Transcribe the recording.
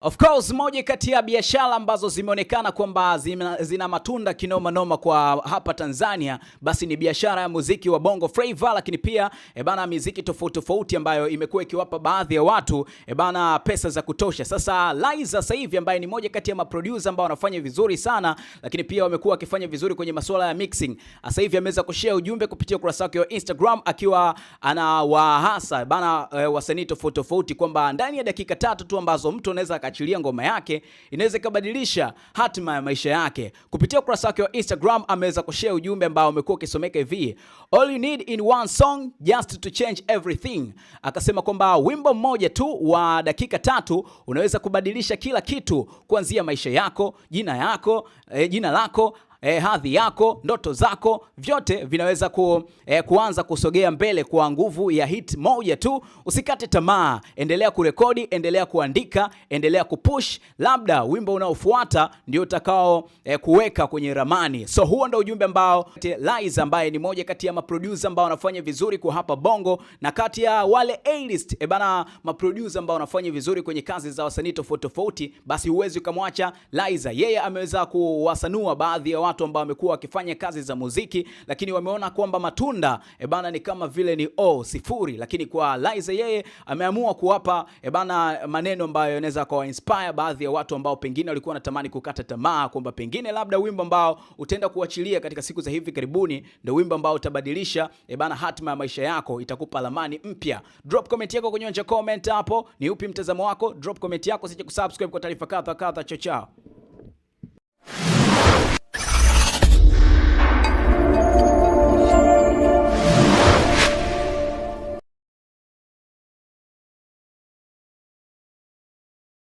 Of course moja kati ya biashara ambazo zimeonekana kwamba zina matunda kinoma noma kwa hapa Tanzania basi ni biashara ya muziki wa Bongo Flava, lakini pia e bana muziki tofauti tofauti ambayo imekuwa ikiwapa baadhi ya watu e bana pesa za kutosha. Sasa Liza sasa hivi ambaye ni moja kati ya maproducer ambao wanafanya vizuri sana, lakini pia wamekuwa wakifanya vizuri kwenye masuala ya mixing. Sasa hivi ameweza kushare ujumbe kupitia ukurasa wake wa Instagram akiwa anawahasa bana e, wasanii tofauti tofauti kwamba ndani ya dakika tatu tu ambazo mtu anaweza akaachilia ngoma yake inaweza ikabadilisha hatima ya maisha yake. Kupitia ukurasa wake wa Instagram ameweza kushare ujumbe ambao umekuwa ukisomeka hivi, all you need in one song just to change everything. Akasema kwamba wimbo mmoja tu wa dakika tatu unaweza kubadilisha kila kitu, kuanzia maisha yako, jina yako, eh, jina lako eh, hadhi yako, ndoto zako, vyote vinaweza ku, eh, kuanza kusogea mbele kwa nguvu ya hit moja tu. Usikate tamaa, endelea kurekodi, endelea kuandika, endelea kupush, labda wimbo unaofuata ndio utakao eh, kuweka kwenye ramani. So huo ndio ujumbe ambao Lies ambaye ni moja kati ya maproducer ambao wanafanya vizuri kwa hapa Bongo, na kati ya wale A-list eh bana, maproducer ambao wanafanya vizuri kwenye kazi za wasanii tofauti tofauti, basi huwezi ukamwacha Liza, yeye ameweza kuwasanua baadhi ya watu ambao wamekuwa wakifanya kazi za muziki, lakini wameona kwamba matunda e bana ni kama vile ni o sifuri, lakini kwa Liza yeye ameamua kuwapa e bana maneno ambayo yanaweza kwa inspire baadhi ya watu ambao pengine walikuwa wanatamani kukata tamaa kwamba pengine labda wimbo ambao utaenda kuachilia katika siku za hivi karibuni ndio wimbo ambao utabadilisha e bana hatima ya maisha yako, itakupa lamani mpya. Drop comment yako kwenye comment hapo, ni upi mtazamo wako? Drop comment yako, sije kusubscribe kwa taarifa kadha kadha. Chao chao.